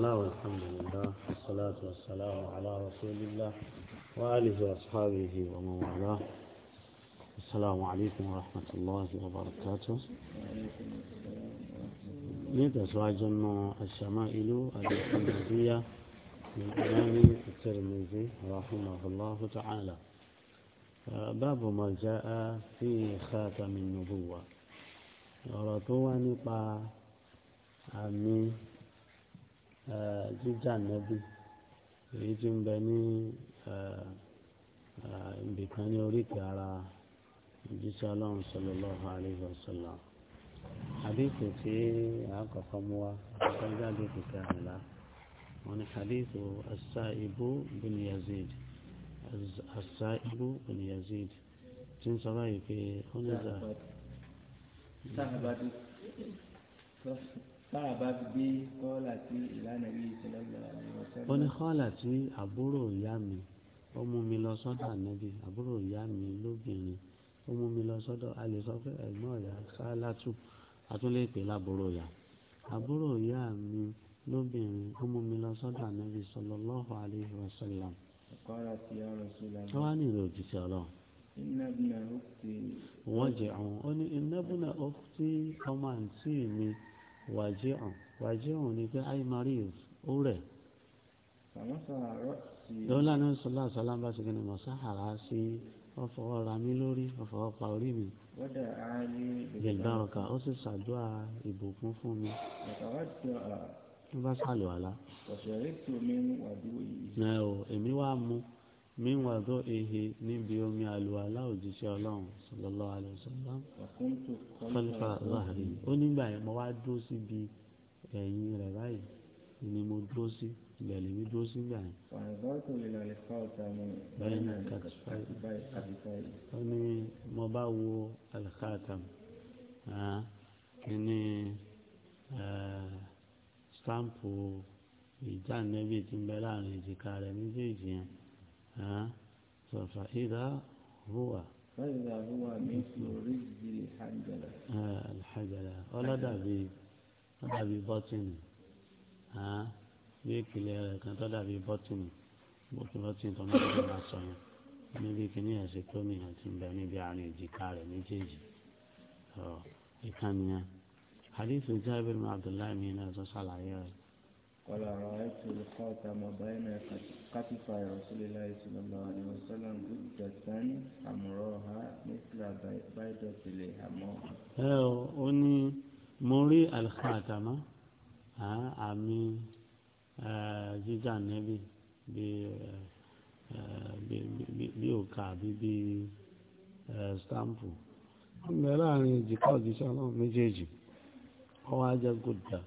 الله والحمد لله والصلاة والسلام على رسول الله وآله وأصحابه ومن والاه السلام عليكم ورحمة الله وبركاته لتزواج الشمائل الترمذية من إمام الترمذي رحمه الله تعالى باب ما جاء في خاتم النبوة ورطوة نقا أمي jíjà nẹ́bí èyí tí ń bẹ ní ibìkan ní oríkèé ara ìjíṣẹ́ ọlọ́run sallallahu alaihi wasallam hadithu tí àkọ́kọ́ mú wa àkọ́kọ́ jáde kìkẹ́ àmìlá wọn ni hadithu as-Sa'ibu bin Yazid as-Sa'ibu bin Yazid tí ń sọ báyìí pé ó ní zà tára bá fi gbé kọ́lá tí ìlànà yìí ti lọ́gbà ó ní kọ́lá tí àbúrò ìyá mi ó mú mi lọ sọ́dọ̀ ànábì àbúrò ìyá mi lóbìnrin ó mú mi lọ sọ́dọ̀ a lè sọ pé ẹ̀gbọ́n ìyá sálátù àtúnlẹ̀ pè lábúrò ìyá àbúrò ìyá mi lóbìnrin ó mi lọ sọ́dọ̀ ànábì sallallahu alaihi wasallam. wọ́n á ní ìlú òjíṣẹ́ ọlọ́run wọ́n jẹ́ àwọn ó ní iná bùnà ọmọ àǹtí mi wàjí hàn wàjí hàn ni pé ayé marí ó rẹ̀. ìwọ́n lánà sọlá sọlá ń bá ṣe kíni mọ̀sá àrà sí ọfọwọ́ ra mi lórí ọfọwọ́ pa orí mi. gbẹ̀gbà ọkà ó sì ṣàdúrà ìbùkún fún mi. ọ̀sẹ̀ rẹ̀ tó mi wà dúró yìí. ẹ o èmi wàá mú min wadu'ihi níbi omi àlùwàlá òjíṣẹ́ ọlọ́run sallallahu alaihi wasallam khalfa zahri ó nígbà yẹn mo wá dúró síbi ẹ̀yìn rẹ̀ báyìí ni mo dúró sí ilẹ̀ lèmi dúró sí gbà yẹn. báyìí ní kàtúfáì ó ní mo bá wo alkhatam ní ah, eh, stampu ìjà nẹ́bí tí ń bẹ láàrin ìjìká rẹ̀ méjèèjì yẹn. فإذا هو فإذا هو مثل رجل الحجلة الحجلة ولا دابي دابي بطن ها بيكلي كان دابي بطن بطن بطن تمام ما صاير níbi kìíní ẹ̀sìn tó mi hàn ti ń bẹ níbi àárín ìjìká rẹ̀ méjèèjì ìkànnìyàn hadith Jabir ibn Abdullahi mi náà tó ṣàlàyé rẹ̀ قال رأيت الخاتم بين كتفي رسول الله صلى الله عليه وسلم جدة حمراها مثل بيضة الحمار. ó ní mo rí alkhatama àmì jíjà nẹ́bí bí òkà àbí bí stampu. ń bẹ láàrin ìjìká òjíṣẹ́ náà méjèèjì ọwọ́ ajá gòdà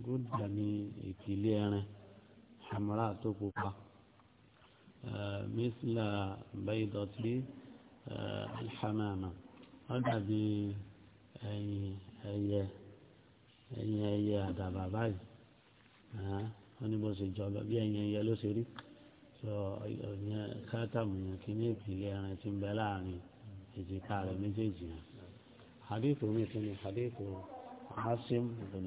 gúdà ní ìpìlẹ̀ ẹran hamra tó pupa eh, mísìlá bẹ́ẹ̀dọ̀tí eh, alhamama wọ́n dàbí ẹyin ẹyẹ ẹyin ẹyẹ àdàbà báyìí eh, wọ́n ní bó ṣe jọba bí ẹyin ẹyẹ ló ṣe rí sọ ìyẹn kátàmù yẹn kí ní ìpìlẹ̀ ẹran ti ń bẹ láàrin èjìká rẹ̀ méjèèjì yẹn hadith omi tún ni hadith asim ibn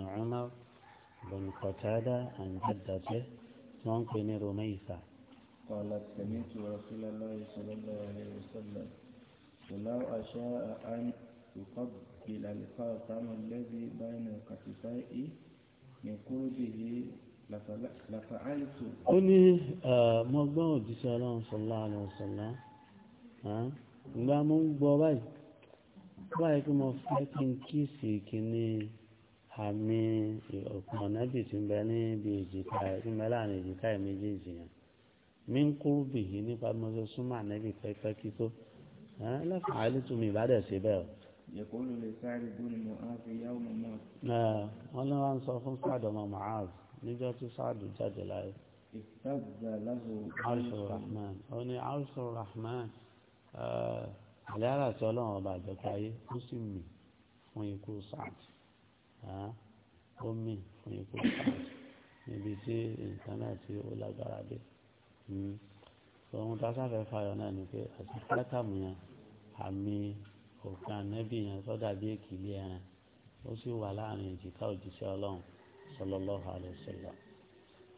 بن قتادة عن جدته وانقن رميسة قالت سمعت رسول الله صلى الله عليه وسلم ولو أشاء أن يقبل الخاتم الذي بين كتفائي من قربه لفعلت ó ní mo الله عليه وسلم. sọlá àlọ́sọ̀lá ìgbà mo ń gbọ́ báyìí báyìí pé mo fẹ́ kí n kíìsì kìíní àmì ọ̀pọ̀ ọ̀nẹ́bì tí ń bẹ níbi èjìká tí ń bẹ láàrin èjìká ẹ̀ méjèèjì yẹn mí ń kú bì í nípa bí mo ṣe súnmọ́ ànẹ́bì pẹ́pẹ́ kí tó lẹ́fọ̀n àìlítùmí ìbádẹ̀ sí bẹ́ẹ̀ o. wọ́n ní wọ́n sọ fún sáàdù ọmọ mahaz níjọ́ tí sáàdù jáde láyé. arṣu rahman ó ní arṣu rahman àlẹ́ àràtí ọlọ́run ọba àjọpọ̀ omi fún ikú sars níbi tí nǹkan náà tí ó lágbára dé hmm. ohun tá a sáfẹ́ fàyọ̀ náà ni pé àti pátàmù yẹn àmì òkan nẹ́bí yẹn sọ́dà bí èkìlì ẹran ó sì wà láàrin èjìká òjíṣẹ́ ọlọ́run sallallahu alaihi wasallam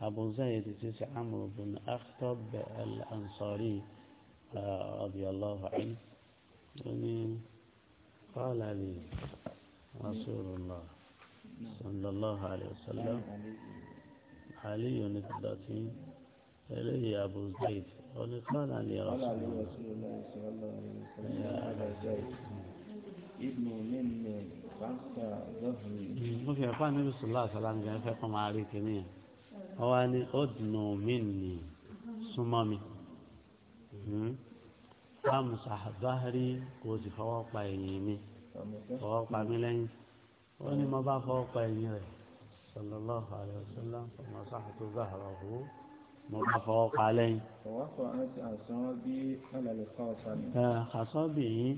abu zayd ti ṣe amr bin akhtab al-ansari eh, radiyallahu anhu ó ní qala li rasulullah sallallahu alayhi wa sallam aliyu ní tọ́lá tí eléyìí abu zayd oní kọ́nà ní ọ̀sán mo fi ẹ̀fọ́ níbi sùlá àsálàmù yẹn fẹ́ kọ́ máa rí kíní yẹn wọ́n wá ní ó dùnú mí nì súnmọ́ mi hmm? fáàmù sàbáhárí kò sì fọwọ́ pa ẹ̀yìn mi fọwọ́ pa mí lẹ́yìn ó ní mo bá fọ́ pa ẹ̀yìn rẹ̀ sallallahu alayhi wa sallam ọmọ sáà tó bá àrọ̀ hó mo bá fọ́ pa lẹ́yìn. àṣọ bì yín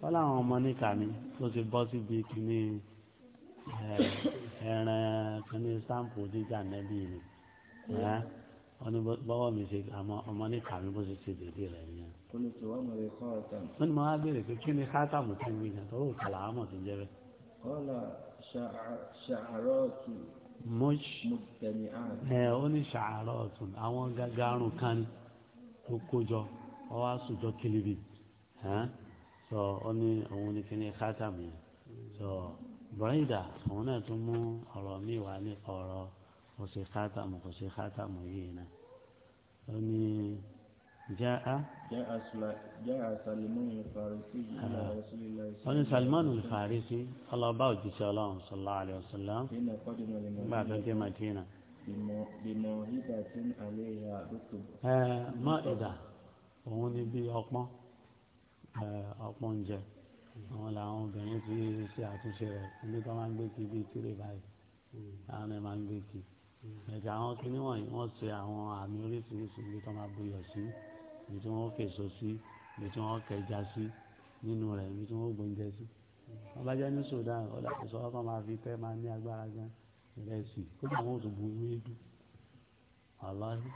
wọ́n láwọn ọmọ níkà mi tó ti bọ́ síbi kìíní ẹran kìíní sáǹpù jíjà nẹ́bí mi wọ́n ní bọ́wọ́ mi ṣe àmọ́ ọmọ ní kàmí bó ṣe ṣe dèdè rẹ̀ nìyẹn. wọ́n ní mo wá béèrè pé kí ni káàtàmù ti ń gbìyànjú tó rò kàlà àmọ̀ kọ́lá ṣàárọ̀tù mọ́tẹ̀mí àrùn. ẹ ó ní ṣàárọ̀tù àwọn gagarun kan tó kójọ ọ wá sùjọ kìlìbì sọ ọ ní òun ní kíní kátàmì sọ bọ́ìdà òun náà tún mú ọ̀rọ̀ mi wá nípa ọ̀rọ̀ kò sí kátàmù kò sí kátàmù yìí náà ó ní. جاء جاء سلمان الفارسي إلى رسول الله صلى الله عليه وسلم سلمان الفارسي الله باو جيسى الله صلى الله عليه وسلم حين قدم لمدينة مدينة بموهبة عليها ركب مائدة òun ni bí ọpọ́n ọpọ́n jẹ àwọn làwọn obìnrin ti ṣe àtúnṣe rẹ̀ níbi tó máa ń gbé kí bíi tírè báyìí àwọn ẹ̀ máa ń gbé kí ẹ̀jẹ̀ àwọn kiní wọ́n ṣe àwọn àmì oríṣiríṣi níbi tó máa buyọ̀ sí ibi tí wọ́n fèso sí ibi tí wọ́n kẹja sí nínú rẹ̀ ibi tí wọ́n gbóúnjẹ sí. wọ́n bá jẹ́ ní Sudan ọ̀dà kò sọ wọ́n máa fi tẹ́ máa ní agbára gan ìrẹsì kó bí àwọn òṣùgbò ewédú aláhi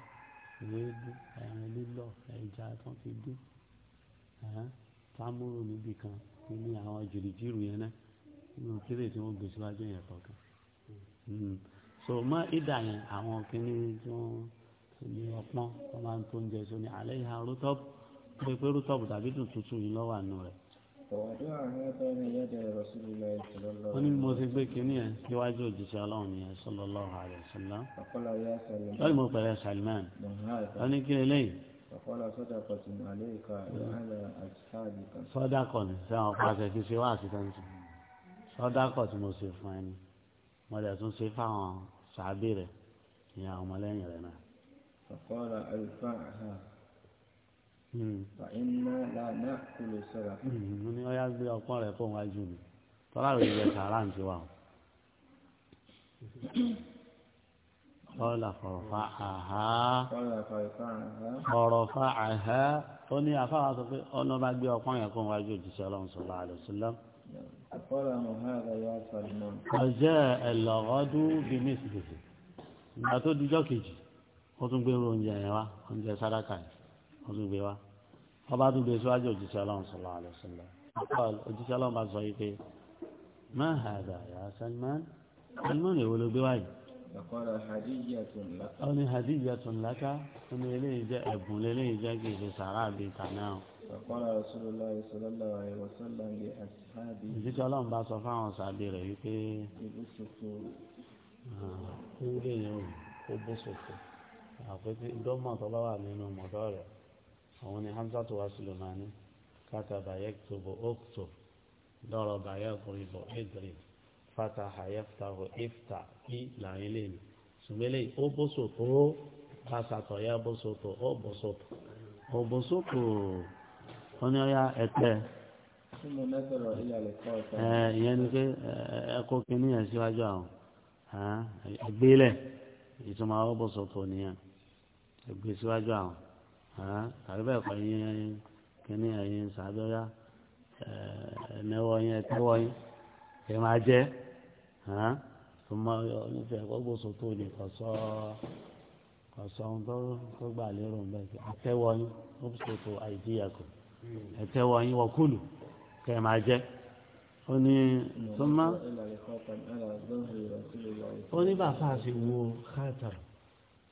ewédú ẹran lílọ ẹja tó fi dú támúrù níbì kan nínú àwọn jìrìjìrì yẹn náà nínú kílè tí wọ́n gbèsè wájú yẹn kọ̀ọ̀kan. Hmm. so mọ́ ìdà yẹn àwọn kìnnìún tí wọ́n ní ọpọ́n wọ́n máa ń tó oúnjẹ sí ní alẹ́ ìhà rútọ́pù pé pé rútọ́pù tàbí dùn tútù yìí lọ́wọ́ àánú rẹ̀. wọ́n ní mo ti gbé kínní ẹ̀ síwájú òjíṣẹ́ ọlọ́run yẹn sallallahu alaihi wasallam. wọ́n ní mo pẹ̀lẹ́ Salman wọ́n ní kí lélẹ́yìn. Fọ́lá sọ́dàkọ̀ ní sẹ́wọ̀n pàṣẹ kí ṣe wá àṣìṣẹ́ǹtì. Sọ́dàkọ̀ tí mo ṣe fún ẹni. Mo dẹ̀ فقال ألفعها فإنا لا نأكل سلفا mo ní ọyá gbé ọpọ́n rẹ̀ fún wájú mi tọ́lá rẹ̀ yẹ sàárà ń tiwa o kọ́lá fọ̀rọ̀fà àhá fọ̀rọ̀fà àhá ó ní àfáwà sọ pé ọ̀nà bá gbé ọpọ́n yẹn fún wájú òjíṣẹ́ ọlọ́run sọ̀rọ̀ àlùsílẹ̀. ọjọ́ ẹ̀ lọ́gọ́dún bíi mísìlì ìgbà tó dijọ́ kejì wọ́n tún gbé oúnjẹ yẹn wá oúnjẹ sáràkà yẹn wọ́n tún gbé wá wọ́n bá tún gbé síwájú òjíṣẹ́ ọlọ́run sọ̀rọ̀ àlẹ́ sílẹ̀ òjíṣẹ́ ọlọ́run bá sọ yìí pé má hàdà yà Salman Salman èwo ló gbé wá yìí. ó ní hadiyatun laka ó ní eléyìí jẹ́ ẹ̀bùn eléyìí jẹ́ kì í sàrà bíi tàná o. òjíṣẹ́ ọlọ́run bá sọ fáwọn sàbí rẹ̀ wípé ó bó ṣòfò àpẹtẹ dọ́mọ̀ tó bá wà nínú mọ̀dọ́ rẹ̀ àwọn ni hamza tó wá sùlùmánì kàtà bàyẹ̀ tóbò ókùtò lọ́rọ̀ bàyẹ̀ fata ifta kí làyín lè mi sùgbẹ́lẹ̀ ó bó sòtò ó kásàtọ̀ yá bó sòtò ó bó sòtò ó bó sòtò ó ni pé ẹ̀kọ́ kìíní yẹn síwájú àwọn ẹgbẹ́lẹ̀ ìtumọ̀ ẹgbẹ́ síwájú àwọn tàbí bẹ́ẹ̀ kọ́ yín kíní ẹ̀yin sàbẹ́yà ẹ̀ẹ́nẹ́wọ́ yín ẹ̀tẹ́wọ́ yín ẹ̀ máa jẹ́ tó máa yọ onífẹ̀ẹ́ kọ́gbó sòtó ni kò sọ kò sọ ohun tó gbà lérò ń bẹ́ẹ̀ ẹ̀tẹ́wọ́ yín ó sòtó àìdíyà kù yín wọ́kùlù kẹ́ ẹ̀ máa jẹ́ ó ní tó máa ó ní bàbá àti wo kátàrù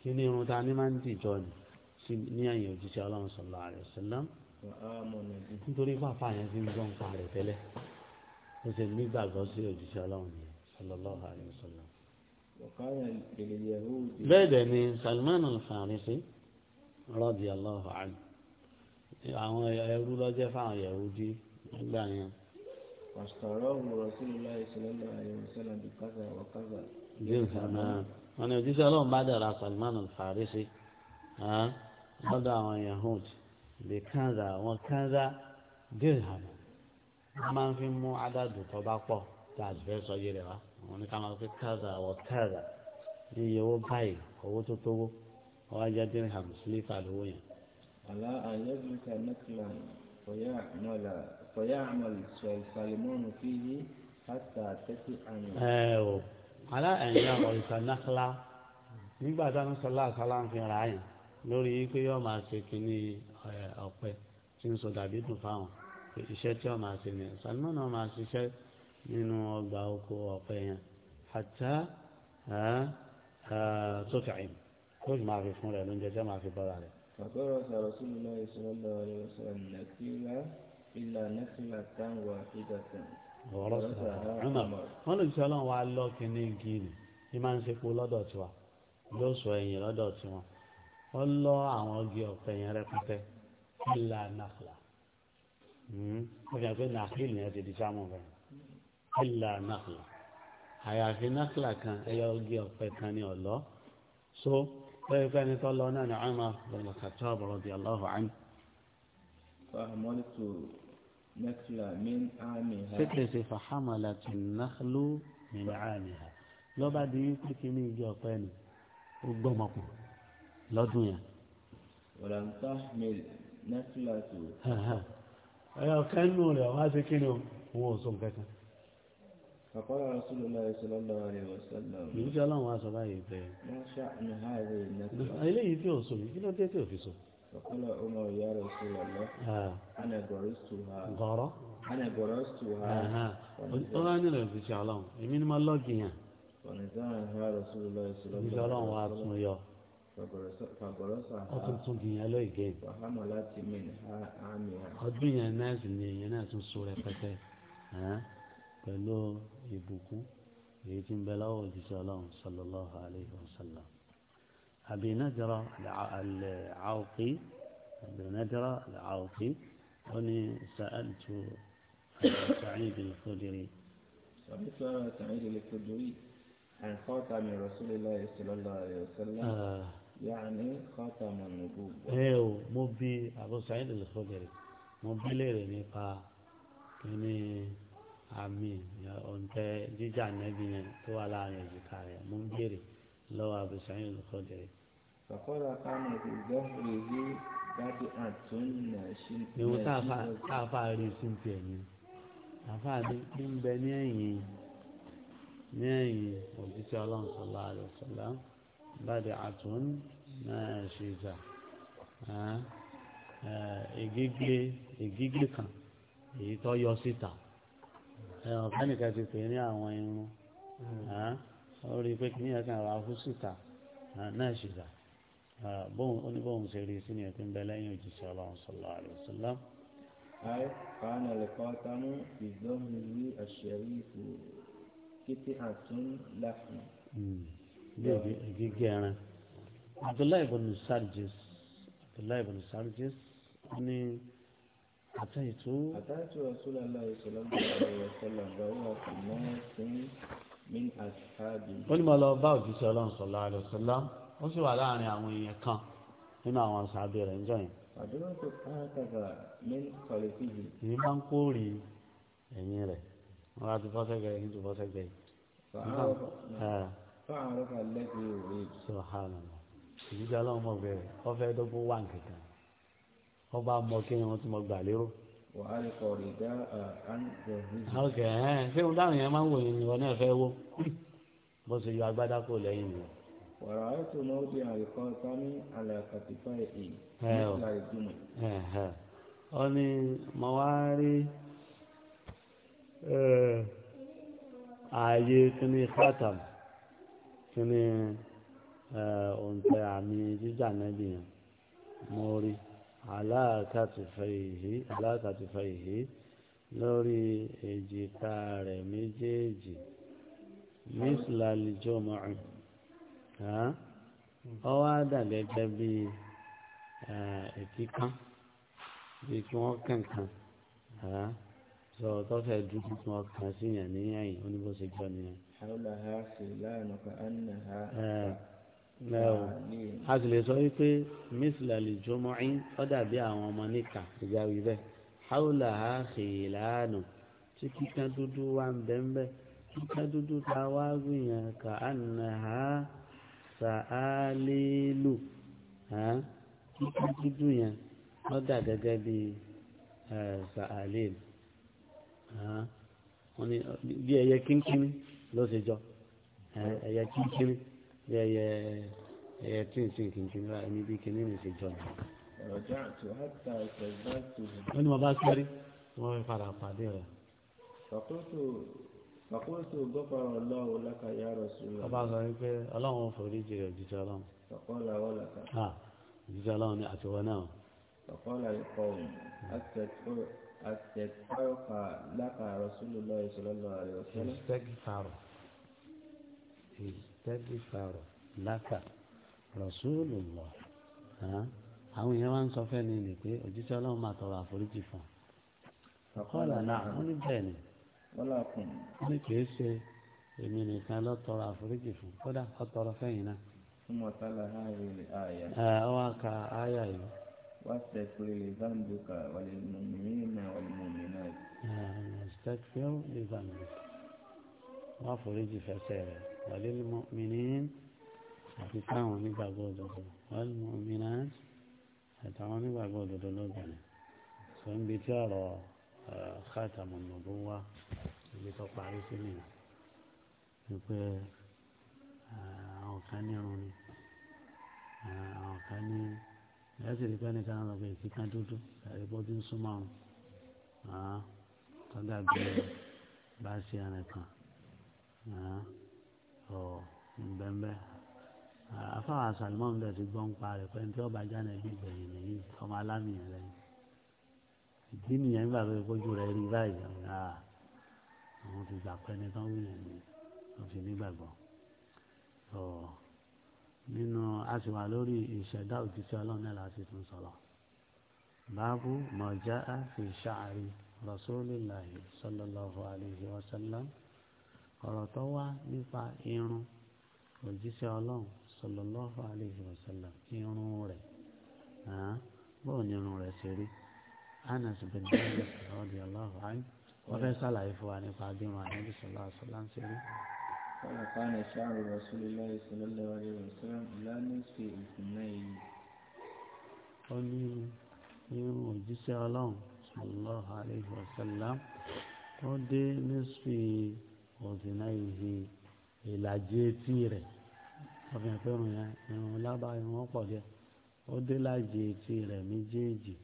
kí ni irun ta ni máa ń dìjọ ni ní ẹ̀yìn òjíṣẹ́ ọlọ́run sọ̀lá rẹ̀ sọ́lá nítorí pàpà yẹn ti ń gbọ́n pa rẹ̀ tẹ́lẹ̀ ó sì nígbàgbọ́ sí òjíṣẹ́ ọlọ́run yẹn sallallahu alaihi wasallam. bẹ́ẹ̀ dẹ̀ ni Salman al-Farisi radiyallahu anhu àwọn ẹrú lọ́jẹ́ fáwọn Yahudi nígbà yẹn. pàṣẹ ọ̀rọ̀ òwúrọ̀ sílùú láì sílẹ̀ láì sílẹ̀ bí kásá wọn ni òjíṣẹ́ ọlọ́run bá dẹ̀ra Salman al-Farisi lọ́dọ̀ àwọn Yahud bí kanza wọn kanza dirham wọn máa ń fi mú adadu tó bá pọ̀ tá a sì fẹ́ sọ yé rẹ̀ wá wọn ni ká máa fi kanza wọ kanza ní iye owó báyìí owó tó tówó wọn wá jẹ́ dirham sílífà lówó yẹn. àlá àyẹ̀dùkà nẹ́tìlá fọyà àmàlì sọ̀rọ̀ Salman fìyí hàtà tẹ́tí àná. ẹ o alá ẹ̀yìn àwọn ìsànákàlá nígbà táwọn sọlá àkàlà ń fi ra yẹn lórí pé yóò máa ṣe kínní ọ̀pẹ tí ń sọ dàbí dùn fáwọn iṣẹ́ tí wọ́n máa ṣe ni Salman náà máa ṣiṣẹ́ nínú ọgbà oko ọ̀pẹ yẹn àtà tó fìyìn tó fi máa fi fún rẹ̀ lóúnjẹ tí wọ́n máa fi bọ́ra rẹ̀. فقرأ رسول الله صلى الله عليه وسلم نكيرا إلا نكرة واحدة ọ̀rọ̀ sọ̀rọ̀ ọ̀nà lè ṣe ọlọ́run wa lọ kíní igi ni bí máa ń ṣe po lọ́dọ̀ yóò sọ ẹ̀yìn lọ́dọ̀ àwọn igi ọ̀pẹ yẹn rẹpẹtẹ ńlá hmm. ó fi hàn pé ti di bẹ́ẹ̀ ńlá àyàfi kan ẹyọ igi ọ̀pẹ kan ọ̀lọ́ so tó lọ náà di aláhùn ṣé kìí ṣe fàhámàlà tì náhlù min àmìhà lọ́ba di wípé kí ní ìjọ ọ̀pẹ ni ó gbọ́mọpọ̀ lọ́dún yẹn. ọ̀làǹtà mẹ́lì náhlà tó. ẹ̀yọ̀ kẹ́nu rẹ̀ wá sí kí ni òun ò sún kankan. فقال رسول الله صلى الله عليه وسلم يجي الله ما سبا يبي ما شأن هذه النسوة إليه في أصول إلى تيتي في أصول فقال عمر يا رسول الله أنا غرستها غارة أنا غرستها أنا أنا في شعلان يمين ما الله كيها فنزعها رسول الله صلى الله عليه وسلم شعلان وعطم يا فغرسها أقل تنجي ألوي كين فحملت منها عميها أدبين الناس اللي يناس الصورة فتاة ها pẹ̀lú ìbùkún èyí tí ń صلى الله عليه وسلم. أبي نجرة العوقي أبي نجرة العوقي وني سألت سعيد الخدري سألت سعيد الخدري عن خاتم رسول الله صلى الله عليه وسلم آه. يعني خاتم النبوة ايو مبي أبو سعيد الخدري مبي ليري نيقا كني àmì ọ̀ǹtẹ̀ jíjà nẹ́bí yẹn tó wà láàrin èjìká rẹ̀ mú ń bèrè lọ́wọ́ Abu Sa'id al-Khudri. fàkọ́lá kánà ìgbọ́ rèé dábì àtúnyà sí. ewu táàfà rí sí ti ẹ̀yìn àfà ní ń bẹ ní ẹ̀yìn ní ẹ̀yìn òjíṣẹ́ ọlọ́run sọlá rẹ̀ sọlá dábì àtúnyà sí ìjà ègígé ègígé kan èyí tó yọ síta ẹ̀ ọ̀kánìkan ti pè ní àwọn irun ó rí i pé kìnìyàn kan ra hú síta náà ṣìgbà bóun ó ní bóun ṣe rí i sí ni ẹ̀kún bẹ lẹ́yìn òjíṣẹ́ ọlọ́run sọlá àlẹ́ sọlá. ayé kàánà lè kọ́ tánú ìdóhùnmí àṣẹrí ìfò kété àtún láfún. bí ògìgì ẹran abdullahi ibn sarjis abdullahi ibn sarjis ní. أتيت أتيت رسول الله صلى الله عليه وسلم وهو في الناس ó ní mo lọ bá òjíṣẹ́ ọlọ́run sọ̀lá rẹ̀ sọ̀lá ó sì wà láàrin àwọn èèyàn kan nínú àwọn sàbẹ̀ rẹ̀ níjọ́ yẹn. èyí máa ń kórè ẹ̀yìn rẹ̀ wọ́n bá ti fọ́ sẹ́gbẹ̀ ẹ̀yìn tó fọ́ sẹ́gbẹ̀ yìí. sọ̀hánà ìjíjà ọlọ́run mọ̀ bẹ́ẹ̀ ọ fẹ́ kan ọba mọ kí wọn ti mọ gbà lérò wàhálì kọ̀ọ̀rì dá àǹtẹ̀ níjì. ọkẹ́ ẹ ṣé ohun táwọn yẹn máa ń wò yín ni wọn náà fẹ́ wó bó ṣe yọ agbádá kò lẹ́yìn mi. wàrà ètò náà di àríkan sami alàkàtìfà èyí nígbà ìjùmọ̀. ó ní mo wá rí ààyè kíní kátàm kíní òǹtẹ̀ àmì jíjà nẹ́bì mo rí aláàkàtúfẹ̀yìí aláàkàtúfẹ̀yìí lórí èjìká rẹ̀ méjèèjì mísìlálìjọ́mọ́ ọ wá dàgẹ́gẹ́ bíi èkíkán bíi kí wọ́n kànkan sọ tọ́fẹ̀ dúdú tí wọ́n kàn sí yàn níyàyìn ó ní bó ṣe gbọ́ nìyẹn a sì lè sọ wípé mísìlàlì jọmọ́ín ó dàbí àwọn ọmọ níkà ìjà wí bẹ́ẹ̀ haúlà á xèlánù tí kíkan dúdú wà ń bẹ́ẹ̀ bẹ́ẹ̀ kíkan dúdú ta wá gbìyàn ká àná ha sàálélù kíkan dúdú yẹn ó gẹ́gẹ́ bí sàálélù wọ́n ní bí ẹyẹ kínkínní ló ṣe jọ ẹyẹ kínkínní bí ẹyẹ ẹyẹ tí n sìn kìí jùlọ ẹni bí kìíní lè ṣe jọ náà. wọ́n ní mo bá sáré wọ́n fi padà pàdé rẹ̀. Fàkóso gbọ́pàá ọlọ́run lákàyà rọ̀ sílẹ̀. Ọba sọ wípé ọlọ́run forí jèrè òjijì ọlọ́run. Fàkọ́lá wọ́n làkà. Ah, òjijì ọlọ́run ni àtiwọ́ náà. Fàkọ́lá ikọ̀ òun, àtẹ̀kọ́rọ̀kà lákàrọ̀ sílẹ̀ lọ́yẹ̀ sílẹ̀ lọ́yẹ̀ sílẹ̀. tẹ́bí parọ̀ lákà Rasulullah àwọn èèyàn wá ń sọ fẹ́ni nì pé òjíṣẹ́ ọlọ́run máa tọrọ àforíjì fún un kọ́là náà wọ́n ní bẹ́ẹ̀ ni wọ́n ní kì ṣe èmi nìkan lọ tọrọ àforíjì fún un kódà ọ tọrọ fẹ́yìn náà. ka áyà yìí. وللمؤمنين àti sáwọn onígbàgbọ́ òdodo والمؤمنات àtàwọn onígbàgbọ́ òdodo lóbìnrin sọ ń bi tí ọ̀rọ̀ خاتم النبوة ibi tó parí sí nìyẹn wípé àwọn kan ní irun ni àwọn kan ní ẹ̀sìn rí pẹ́ẹ́nì kan lọ́gbẹ̀ẹ́ ìkíkà dúdú ẹ̀rí bó ti ń súnmọ́ ọ̀run tó dàbí bá ṣe ẹ̀rìn kan ọ nbẹnbẹ afáwọn asalimọ́n bẹ̀ ti gbọ́n pa rẹ̀ pẹ́ntì ọba jáde bí gbẹ̀yìn nìyí ọmọ alámìyàn lẹ́yìn ìdí nìyẹn nígbà tó kójú rẹ̀ rí báyìí ọ̀gá àwọn ti gbà pẹ́ni tán wúyàn ní wọ́n fi nígbàgbọ́ ọ nínú a sì wà lórí ìṣẹ̀dá òjíṣẹ́ ọlọ́run náà láti tún sọ̀rọ̀ báàbù mọ̀já fi ṣáàrí rasulillahi sallallahu alayhi wa ọ̀rọ̀ tó wá nípa irun òjíṣẹ́ ọlọ́run sallallahu alayhi wa sallam irun rẹ̀ bóò ní irun rẹ̀ ṣe rí Anas bin Malik radiyallahu anhu wọ́n fẹ́ sàlàyé fún wa nípa bí wọn àdébí sallallahu alayhi wa sallam ṣe rí. قال كان شعر رسول الله صلى الله عليه وسلم لا نصف اثنين ó ní irun òjíṣẹ́ ọlọ́run sallallahu alayhi wa sallam ó dé nísìsiyìí ọ̀sìnà ìhè ìlàjì etí rẹ̀ ọ̀fìn pẹ̀rùn yẹn irun lábá irun pọ̀ díẹ̀ ó dé lájì etí rẹ̀ méjèèjì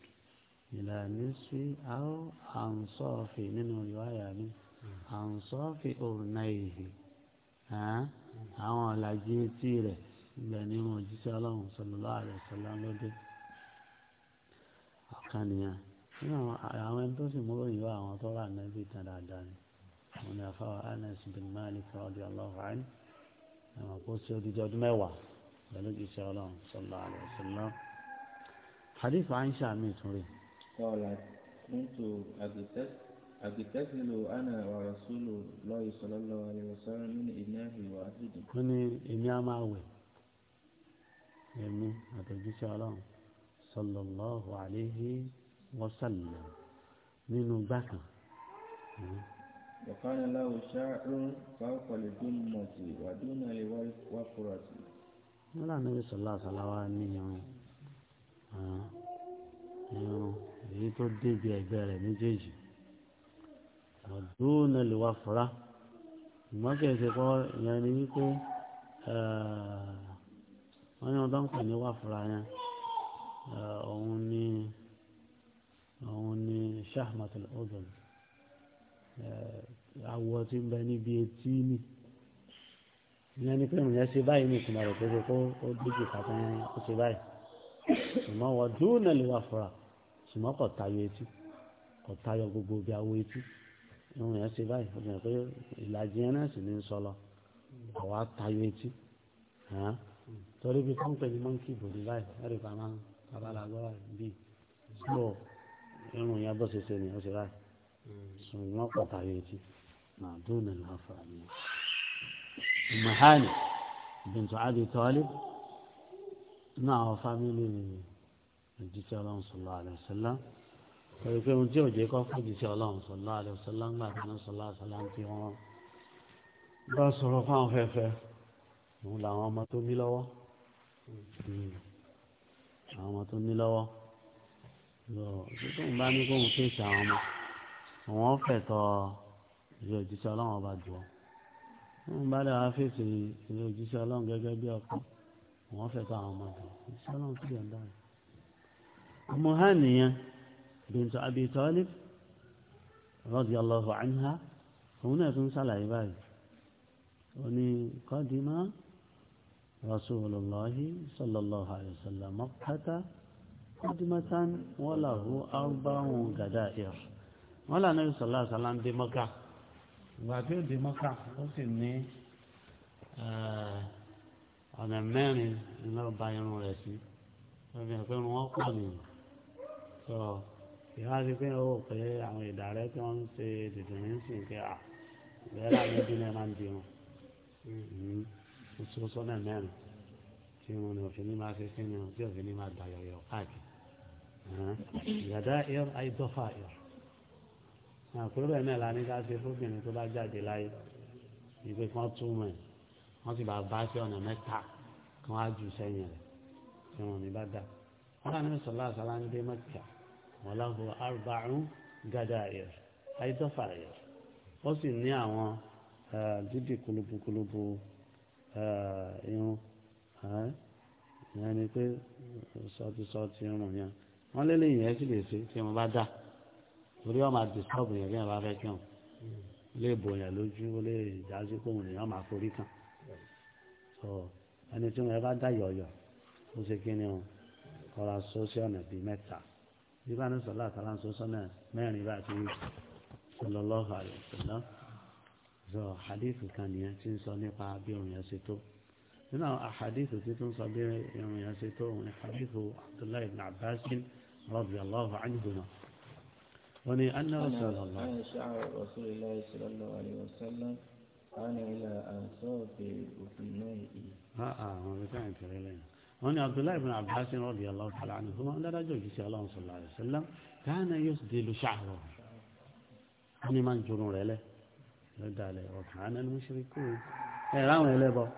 ìlànà sí àrùn àǹsọ́ọ̀fì nínú ìwáyà mi àǹsọ́ọ̀fì ọ̀nà ìhè àwọn ọ̀làjì etí rẹ̀ ìgbà ní mo jíṣẹ́ ọlọ́run sallallahu alaihi wasallam lọ́dẹ ọ̀kan nìyẹn àwọn ẹni tó sì mú òyìnbó àwọn tó rà nẹ́bí tán dáadáa ni àwọn ní afáwà Anas bin Malik radiyallahu anhu àwọn kó sí odidi ọdún mẹ́wàá pẹ̀lú ìṣẹ́ ọlọ́run sallallahu alaihi wasallam. hadith Aisha mi tún rí. sọ̀rọ̀ kúntù àgìtẹ́sílò àná wàrasúlò lọ́yìn sallallahu alaihi wasallam nínú iná ìwà àdìdì. wọ́n ní èmi á máa wẹ̀ èmi àtẹ̀jíṣẹ́ ọlọ́run sallallahu alaihi wasallam nínú gbàkan. وكان له شعر فوق الجمة ودون الوفرة لا النبي صلى الله عليه وسلم irun èyí tó débi ẹ̀gbẹ́ rẹ̀ méjèèjì ọdún náà lè wá fura ìmọ̀ kìí ṣe kọ́ ìyẹn ni wípé wọ́n ní wọn dáhùn pè ní wá yẹn òun ni òun ni shahmatul odun awọ tí ń bẹ níbi etí ni ìyẹn ni pé ìrìn ẹsẹ báyìí ní ìtumọ̀ rẹ̀ pé kó ó dójú kàtà yẹn ó ṣe báyìí ṣùgbọ́n wọ́n dúró náà lè wà fúra ṣùgbọ́n kò tayọ etí kò tayọ gbogbo bí awọ etí ìrìn ẹsẹ báyìí ó ṣe pé ìlàjì yẹn náà sì ní ń sọlọ kò wá tayọ etí torí bí kọ́ńpẹ̀ ni mọ́ńkì bòdì báyìí ẹ̀rì pa abalagbọ́ bíi sọ ìrìn yẹn bó ṣe ṣe ni ó ṣe báyìí ṣùgbọ́n kò tayọ etí. نعم دون الغفرانية أم هاني بنت أبي طالب نعم فاميلي الجيسي الله صلى الله عليه وسلم pẹ̀lú pé ohun tí òjò kọ́ fún ìdíṣẹ́ ọlọ́run sọ̀lá àlẹ́ sọ̀lá ńgbà kan sọ̀lá sọ̀lá ń tí wọ́n bá sọ̀rọ̀ fáwọn fẹ́fẹ́ òun làwọn ọmọ tó ní lọ́wọ́ àwọn ọmọ tó ní lọ́wọ́ lọ sí tóun bá ní kóun fèsì àwọn ọmọ àwọn fẹ̀tọ́ ọ ìyá òjíṣẹ́ ọlọ́run ọba jù ọ́ wọn bá dára fèsì ìyá òjíṣẹ́ ọlọ́run gẹ́gẹ́ bí ọkọ wọn fẹ́ kọ́ àwọn ọmọdé òjíṣẹ́ ọlọ́run sì yọ̀ dára. ọmọ ha nìyẹn bint Abi Talib radiyallahu anha òun náà tún sàlàyé báyìí ó ní qadima rasulullahi sallallahu alayhi wa sallam Makkata qadimatan wa lahu arba'un gada'ir wọn lànà ìsọ̀lá sàlám dé Makkah ìgbà tí ó dé mọ́kà ó sì ní ọ̀nà mẹ́rin iná ba irun rẹ̀ sí lọ́bí ẹ̀ pé irun wọn pọ̀ nìyí tó ìwádìí pé ó pé àwọn ìdàrẹ́ tí wọ́n ń ṣe dìde ní sìn pé à bẹ́ẹ̀ láti bí náà máa ń di wọn oṣù sọ́nà mẹ́rin tí wọn ní òfin ní máa ṣe sí ni tí òfin ní máa dà káàkiri ìyàdá ayé dọ́fà yọ̀ àkúrò ẹ̀ náà la ní ká ṣe fóbìnrin tó bá jáde láyé ìgbé kan túmọ̀ ẹ̀ wọ́n sì bá bá sí ọ̀nà mẹ́ta kan á jù sẹ́yìn rẹ̀ tí wọ́n ní bá dá wọ́n náà ní sọ̀lá àṣàlá ń dé mẹ́ta wọ́n lágbo arúbárún gádà ẹ̀ àìdọ́fà ẹ̀ ó sì ní àwọn dídì kulubukulubu irun ìyẹn ni pé sọtí sọtí irun yẹn wọ́n lé lẹ́yìn ẹ̀ sì lè ṣe tí wọ́n bá dá torí ọmọ àdìsọ́ọ̀bù yẹn bí wọn bá fẹ́ kí wọn lè bò yẹn lójú ó lè jásí kó wọn èèyàn máa forí kan tó ẹni tí wọn bá dá yọ̀yọ̀ ó ṣe kí ni o kọ́ra sọ́sí ọ̀nà bíi mẹ́ta bí bá ní sọ́lá àtàlà sọ́sọ́ náà mẹ́rin bá ti sọlọ́lọ́hà rẹ̀ sọ́lá sọ hadith kan nìyẹn ti ń sọ nípa bí òun yẹn ṣe tó nínú àwọn àhadith tí tó ń sọ bí òun yẹn ṣe tó òun ni hadith Abdullahi ibn Abbas radiyallahu وني أن رسول الله أنا شعر رسول الله صلى الله عليه وسلم أنا إلى أنصاف أفنائي ها ها هنا عبد الله بن عباس رضي الله تعالى عنه هو أن رجل جسي الله صلى الله عليه وسلم كان يسدل شعره هني من جنور له رد وكان المشركون إيران إليه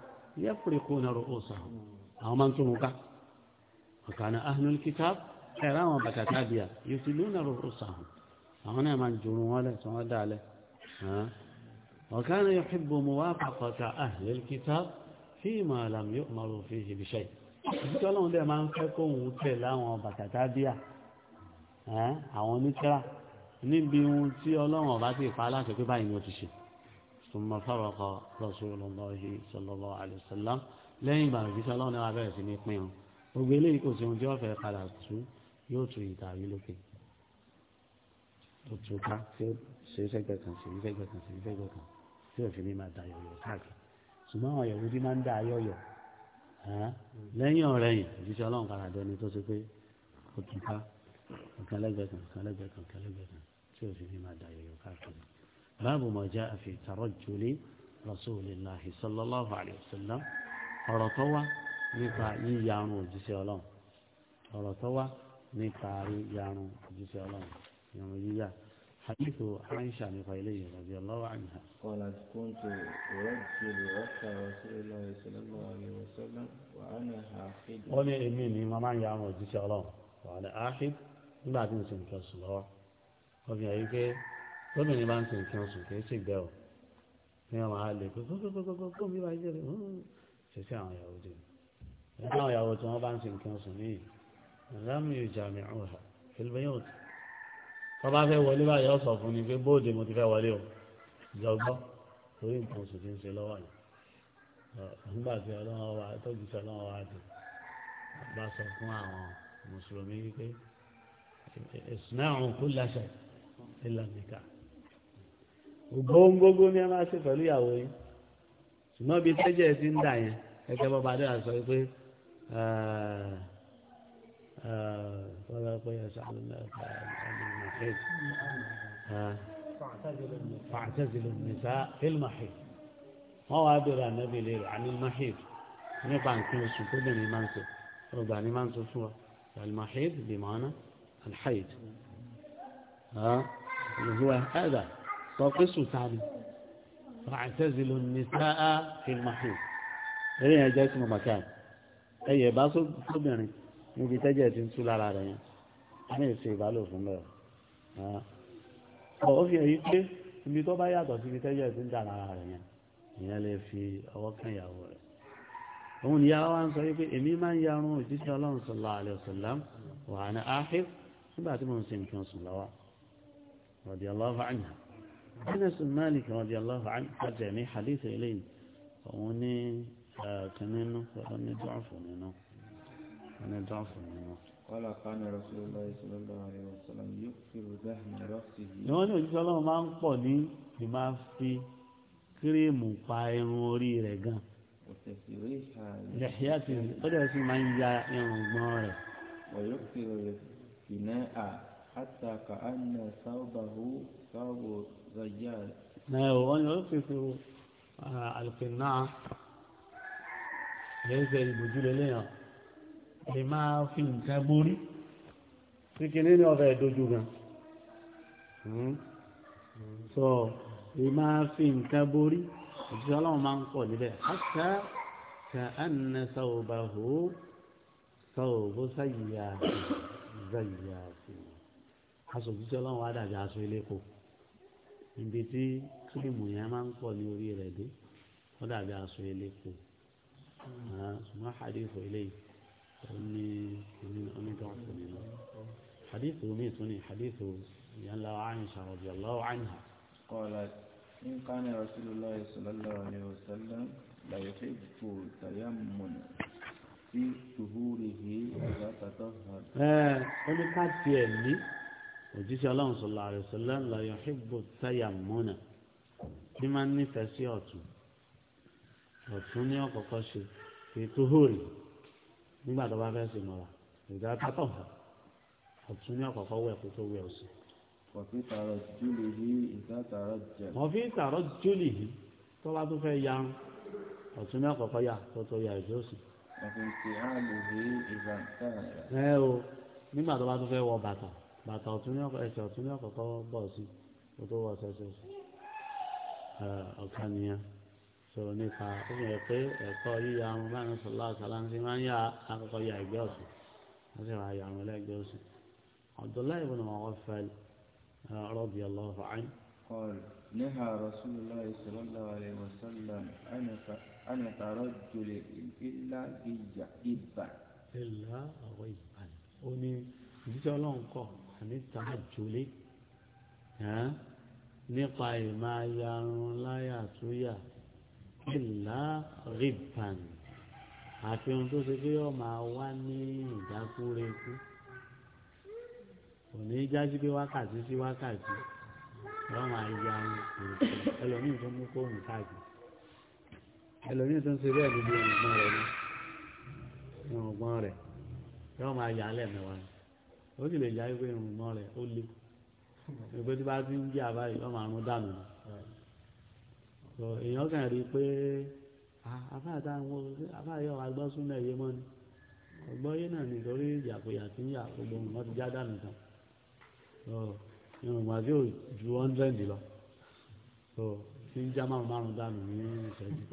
يفرقون رؤوسهم أو من تمك وكان أهل الكتاب إيران بكتابيا يسدلون رؤوسهم àwọn náà máa jùrù wọn lẹ̀ tí wọ́n dá lẹ̀ ọ̀kan yóò hìbò mú wá pàkọta ahlil kitab fi ma lam yu'maru fihi bi shay ìdíjọ́ lọ́wọ́n dẹ̀ máa ń fẹ́ kó òun tẹ̀ láwọn bàtàtà bíà àwọn onítẹ́ra níbi ohun tí ọlọ́wọ́n bá ti pa aláṣẹ pé báyìí ni ثم فرق رسول الله صلى الله عليه وسلم lẹ́yìn ìgbà òjíṣẹ́ ọlọ́run náà bẹ̀rẹ̀ sí ní pín un gbogbo tó tún ká tí ó ṣe sẹ́gbẹ̀ kan ṣe sẹ́gbẹ̀ kan ṣe sẹ́gbẹ̀ kan tí òfin ní máa da yọ̀yọ̀ káàkiri ṣùgbọ́n àwọn yẹ̀wò bí máa ń da yọ̀yọ̀ lẹ́yìn ọ̀rẹ́yìn òjíṣẹ́ ọlọ́run padà dẹni tó ṣe pé ó tún ká nǹkan lẹ́gbẹ̀ẹ́ kan nǹkan lẹ́gbẹ̀ẹ́ kan nǹkan lẹ́gbẹ̀ẹ́ kan tí òfin ní máa da yọ̀yọ̀ káàkiri. báàbù mọ̀ já àfi tarajjuli rasulillahi sallallahu alayhi wa sallam ọ̀rọ̀ tó wá nípa yíyarun òjíṣẹ́ ọlọ́run ọ̀rọ̀ tó wá nípa yíyarun òjíṣẹ́ ọlọ́run irun yíyà hadithu aisha nípa eléyìí radiyallahu anha. qalat kuntu urajjilu ra'sa rasulillahi sallallahu alaihi wasallam wa ana hafid. wọ́n ní èmi ni màmá ń ya àwọn òjíṣẹ́ ọlọ́run wa ana hafid nígbà tí mo ti nǹkan sùn lọ́wọ́ obìnrin yìí pé lóbìnrin bá ń ti nǹkan sùn kì í ṣègbè ọ̀ ní ọmọ àlè kókókókókó mi wáyé rẹ̀ ṣẹṣẹ àwọn ìyàwó jẹ ẹgbẹ́ àwọn ìyàwó tí wọ́n bá ń ti nǹkan sùn níyì lámì ìjàmì ọ̀hà fil bayt wọ́n bá fẹ́ wọlé báyìí ó sọ fún ni pé bóòdì mo ti fẹ́ wọlé o ìjọgbọ́n torí nǹkan oṣù tí ń ṣe lọ́wọ́ yìí nígbà tí ọlọ́wọ́ wa tọ́jú sí ọlọ́wọ́ wa dùn bá sọ fún àwọn mùsùlùmí wípé ìsúná àwọn kú láṣẹ ìlànìkà gbogbogbò ni ẹ máa ṣe pẹ̀lú ìyàwó yín ṣùgbọ́n bíi tẹ́jẹ̀ ti ń dà yẹn ẹgbẹ́ bọ́ bá dé àṣọ ẹ̀ẹ́. طلاق ويسعى للمحيط فاعتزل النساء في المحيط ما هو عبر النبي ليلة عن المحيط نقع ان كل السكر من المانسة رضا عن المانسة سوى المحيط بمعنى الحيط ها اللي آه، هو هذا طاقس وتعالي فاعتزل النساء في المحيط هنا اسمه مكان اي باصل سبيني níbi tẹ́jẹ̀ ti ń tú lára rẹ̀ yẹn a ní ìṣe ìbálò fún bẹ́ẹ̀ ọ̀ ó fi èyí pé ibi tó bá yàtọ̀ síbi tẹ́jẹ̀ ti ń dà lára rẹ̀ yẹn ìyẹn lè fi ọwọ́ kan ìyàwó rẹ̀ òun ni yàrá wa ń sọ wípé èmi máa ń yarun òjíṣẹ́ ọlọ́run sọ̀lá àlẹ́ ọ̀sọ̀lá wà ní áhìf nígbà tí mo ń ṣe nǹkan oṣù lọ́wọ́ rọ̀dí ọlọ́fà ànyà ẹnẹsùn máàlìkì rọ̀dí ọlọ́fà ànyà jẹ́ hadith eléyìí òun ní eh, kìnnínú ní dọ́ọ̀fù nínú ẹni tó ń fún mi wọn. wọ́n làkà ní rasulillah sallallahu alayhi wa sallam yóò fi rúdà ní rọ́ọ̀sì yìí. ìwọ́n ní òjijì ọlọ́run máa ń pọ̀ ní ì máa fi kírèmù pa irun orí rẹ̀ gan. ìyá ti ó dẹ̀ sì máa ń ya irun gbọ́n rẹ̀. wọ́n yóò fi rẹ̀ fìnnẹ́ à hàtà kà á nà sábàbù sábàbù zayá. ẹ ò wọ́n yóò fi fi àlùfẹ́ náà lẹ́sẹ̀ ìbòjú lélẹ́yàn lè máa fi nǹkan borí tí kìíní ní ọ̀fẹ́ gan hmm. so lè máa fi nǹkan borí òṣìṣẹ́ ọlọ́run máa ń pọ̀ níbẹ̀ àṣà kà á nà sàwòbà hó sàwòbó sàyíyá sàyíyá sí aṣọ òṣìṣẹ́ ọlọ́run wà dàbí aṣọ eléko ibi tí kílìmù yẹn máa ń pọ̀ ní orí rẹ̀ dé ó dàbí aṣọ eléko ah, ṣùgbọ́n àdéhùn eléyìí ní onígbàsó nínú hadithu mi tún ní hadithu ìyànlá Aisha radiyallahu anha. qalat in kana rasulullah sallallahu alayhi wa sallam la yuhibbu tayammun fi tuhurihi ìgbà tàtọ́. ó ní ká tiẹ̀ ní òjíṣẹ́ ọlọ́run sallallahu alayhi wa sallam la yuhibbu tayammuna bí máa ń nífẹ̀ẹ́ ọ̀tún ní ọ̀kọ̀ọ̀kọ̀ ṣe fi tuhurihi nígbà tó bá fẹ́ sè mọ́ra ìgbà pátọ̀ fà ọ̀tún ní ọ̀kọ̀ọ̀kọ̀ wẹ̀ kó tó wẹ̀ ọ̀sẹ̀. wọ́n fi tààrọ̀ júlì yìí tó bá tó fẹ́ ya ọ̀tún ní ọ̀kọ̀ọ̀kọ̀ yà kó tó yà ìjọ sí. nígbà tó bá tó fẹ́ wọ bàtà bàtà ọ̀tún ní ẹsẹ̀ ọ̀tún ní ọ̀kọ̀ọ̀kọ̀ bọ̀ sí kó tó wọ ọ̀sẹ̀ ọ̀sẹ̀ ọ̀kan nìyẹn sọ̀rọ̀ nípa ó yẹ pé ẹ̀kọ́ yíya ọmọ báyìí sọ̀lá àṣàlá máa ń yá akọ́kọ́ ya ẹgbẹ́ ọ̀sìn wọ́n sì máa ya ọmọ ẹlẹ́gbẹ́ ọ̀sìn Abdullahi ibn Mughaffal eh, radiyallahu anhu. نهى رسول الله صلى الله عليه وسلم أن ترجل إلا جبا إلا غيبا ó ní ìdíjọ́ ọlọ́run kọ̀ àní tààjùlé nípa ìmáyarun láyà tó yà ìlà rìbàn àfi ohun tó ṣe pé yọ máa wá ní ìdákúrekú òní jájú pé wákàtí sí wákàtí wọn máa ya ẹlòmíì tó mú kóhùn káàkiri ẹlòmíì tó ń ṣe bẹ́ẹ̀ níbi ọ̀gbọ́n rẹ̀ ní ọ̀gbọ́n rẹ̀ yọ máa yà á lẹ́mẹ̀wá ni ó sì lè jáwé pé ọ̀gbọ́n rẹ̀ ó le ìgbésí bá ti ń jí àbáyé yọ máa dànù ni èèyàn kàn rí i pé àfáàtà ah, àwọn àfáàyọ agbọ́súnlẹ̀ yé mọ́ ni ọgbọ́n yé náà nítorí ìyàkóyà tí ń yà gbogbo nǹkan ti já dànù tán ìrùn màdí ò ju hundred lọ tí ń já márùn márùn dànù ní ìṣẹ́jú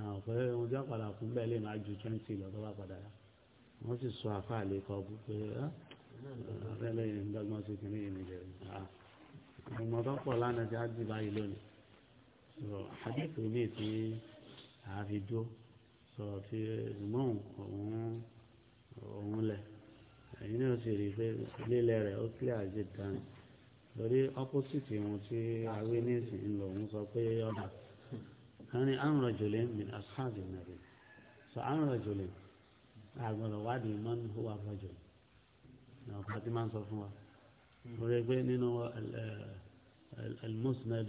àwọn pé ohun tí wọ́n padà fún bẹ́ẹ̀ lè máa ju twenty lọ tó bá padà yá wọ́n sì sọ àfáà lè kọ́ bú pé ah, abẹ́lẹ̀ ìdọ́gbọ́n ti kìíní ìrìn ah, ọmọ tó pọ̀ lánàá ti á dì báyìí lónìí sọ hadith mi ti àfi dó sọ ti mọ́n òun òun lẹ̀ ẹ̀yin náà sì rí i pé lílẹ̀ rẹ̀ ó kílẹ̀ àjẹ dání lórí ọ́pọ́sìtì wọn tí awé nísìn ń lọ òun sọ pé ọ̀dà kan ní àwọn rajulin min ashabi nàbì sọ àwọn rajulin àgbọ̀dọ̀ wádìí man huwa rajul náà pàtí máa ń sọ fún wa. Mo rí i pé nínú eh, al-Musnad.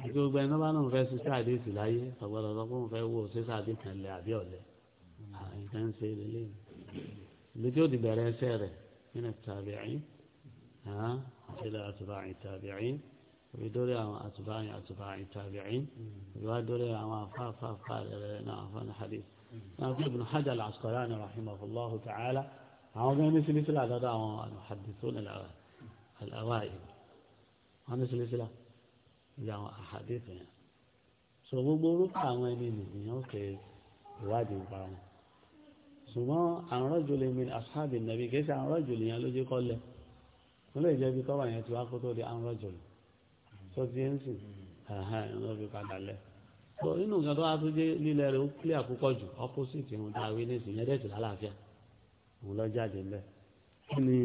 àti gbogbo ẹni bá náà fẹ́ sísá àdéhùn láyé ọ̀gbọ́dọ̀ sọ pé òun fẹ́ wò sísá àdéhùn kan lẹ̀ àbí ọ̀lẹ́ àwọn nǹkan ń ṣe lélẹ̀ ibi tí ó ti bẹ̀rẹ̀ ẹsẹ̀ rẹ̀ nínú tàbíyìn àti ilẹ̀ àtùbáyìn tàbíyìn ibi dórí àwọn àtùbáyìn àtùbáyìn tàbíyìn ibi wá dórí àwọn afáfáfá rẹ̀ náà afán hadith náà fún ibùn hajj al-asqalani rahimahullahu ta'ala àwọn ọmọ ẹni sílísílà dọ́dọ̀ àwọn al-muhaddithun al-awail wọn ní sílísílà ìyá àwọn àhàdìsì yẹn sọ gbogbo orúkọ àwọn ẹni nìyẹn ó ṣe ìwádìí nípa wọn ṣùgbọ́n àwọn rọ́jòlè mi asáàbì nàbí kìí ṣe àwọn rọ́jòlè yẹn lójú kọ́lẹ̀ wọ́n lè jẹ́ bí tọ́wọ̀ yẹn ti wá kó tó di àwọn rọ́jòlè tó ti ń sìn ẹ̀hán ẹ̀ ló fi padà lẹ̀ tó inú nǹkan tó wá tó dé lílẹ̀ rẹ̀ ó kílẹ̀ àkókò jù ọ́pọ́sìtì ń da wí nísìn yẹn dẹ̀tì lálàáfíà òun lọ jáde lẹ̀ kí ni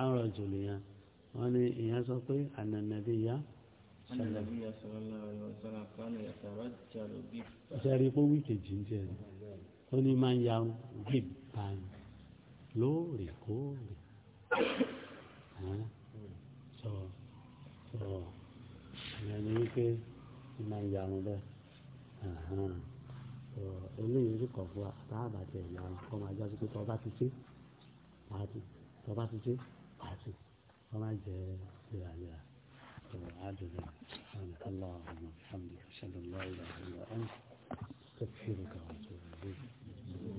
àwọn rọ́jòlè yẹn wọ́n ní ìyẹn sọ pé ànànàbí أن النبي صلى الله عليه وسلم كان يترجل جبا sẹ́rí pé wíìkì ń jẹ́ ó ní máa ń ya gíba lóòrèkóòrè sọ sọ ẹni wípé ó máa ń yarun bẹ́ẹ̀ eléyìí rí kọ̀ fún wa àtàwọn àti ẹ̀yà kọ́ máa jásí pé tọ́ bá ti ṣe pàtì tọ́ bá ti ṣe pàtì wọ́n máa jẹ léraléra. عاجزا سبحانك اللهم وبحمدك أشهد أن لا إله إلا أنت استغفرك وأتوب إليك